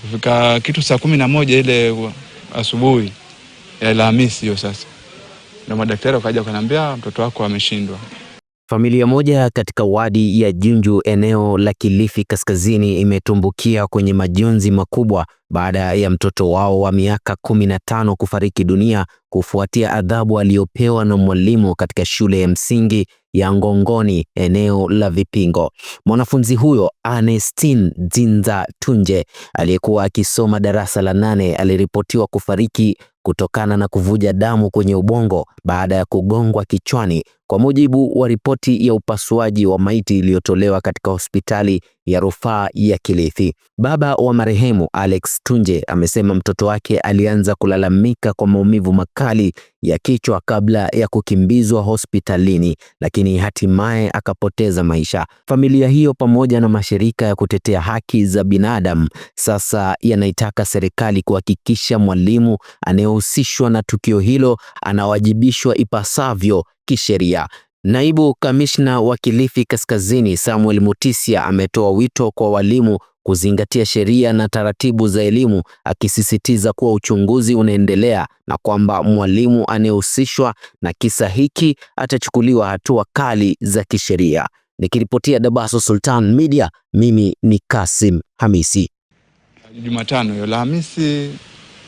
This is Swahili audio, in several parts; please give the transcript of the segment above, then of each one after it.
kufika kitu saa kumi na moja ile asubuhi ya Alhamisi hiyo sasa, ndio madaktari wakaja wakanaambia mtoto wako ameshindwa. Familia moja katika wadi ya Junju eneo la Kilifi Kaskazini imetumbukia kwenye majonzi makubwa baada ya mtoto wao wa miaka kumi na tano kufariki dunia kufuatia adhabu aliyopewa na mwalimu katika shule ya msingi ya Ngongoni, eneo la Vipingo. Mwanafunzi huyo Anestine Dzinza Tunje aliyekuwa akisoma darasa la nane aliripotiwa kufariki kutokana na kuvuja damu kwenye ubongo baada ya kugongwa kichwani, kwa mujibu wa ripoti ya upasuaji wa maiti iliyotolewa katika hospitali ya rufaa ya Kilifi. Baba wa marehemu Alex Tunje amesema mtoto wake alianza kulalamika kwa maumivu makali ya kichwa kabla ya kukimbizwa hospitalini, lakini hatimaye akapoteza maisha. Familia hiyo pamoja na mashirika ya kutetea haki za binadamu sasa yanaitaka serikali kuhakikisha mwalimu anayehusishwa na tukio hilo anawajibishwa ipasavyo kisheria. Naibu kamishna wa Kilifi Kaskazini Samuel mutisia ametoa wito kwa walimu kuzingatia sheria na taratibu za elimu, akisisitiza kuwa uchunguzi unaendelea na kwamba mwalimu anayehusishwa na kisa hiki atachukuliwa hatua kali za kisheria. Nikiripotia Dabaso Sultan Media, mimi ni Kasim Hamisi. Jumatano hiyo la Hamisi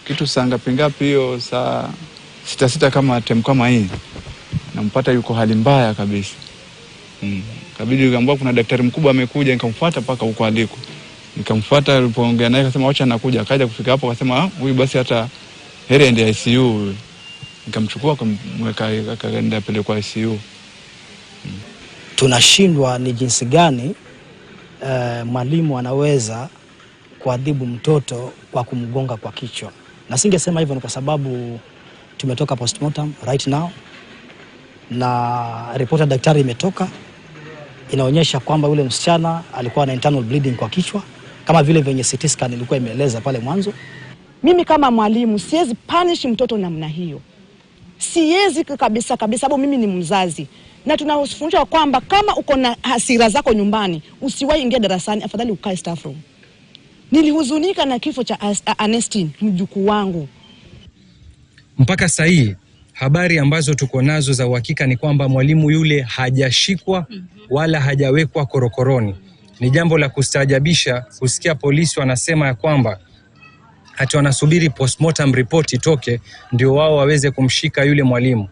kitu saa ngapi ngapi hiyo, saa sita sita kama tem kama hii nampata yuko hali mbaya kabisa mm. Kabidi ambao kuna daktari mkubwa amekuja, nikamfuata mpaka huko aliko, nikamfuata. Alipoongea naye akasema wacha nakuja, akaja kufika hapo akasema huyu basi hata heri aende ICU. Nikamchukua kumweka, akaenda apelekwa ICU. Mm. Tunashindwa ni jinsi gani uh, mwalimu anaweza kuadhibu mtoto kwa kumgonga kwa kichwa, na singesema hivyo ni kwa sababu tumetoka postmortem right now na ripoti ya daktari imetoka inaonyesha kwamba yule msichana alikuwa na internal bleeding kwa kichwa kama vile venye CT scan ilikuwa imeeleza pale mwanzo. Mimi kama mwalimu siwezi punish mtoto namna hiyo, siwezi kabisa kabisa, sababu mimi ni mzazi na tunafundishwa kwamba kama uko na hasira zako nyumbani usiwahi ingia darasani, afadhali ukae staff room. Nilihuzunika na kifo cha Anestine mjukuu wangu mpaka sahii habari ambazo tuko nazo za uhakika ni kwamba mwalimu yule hajashikwa mhm. wala hajawekwa korokoroni. Ni jambo la kustaajabisha kusikia polisi wanasema ya kwamba hati wanasubiri postmortem report itoke ndio wao waweze kumshika yule mwalimu.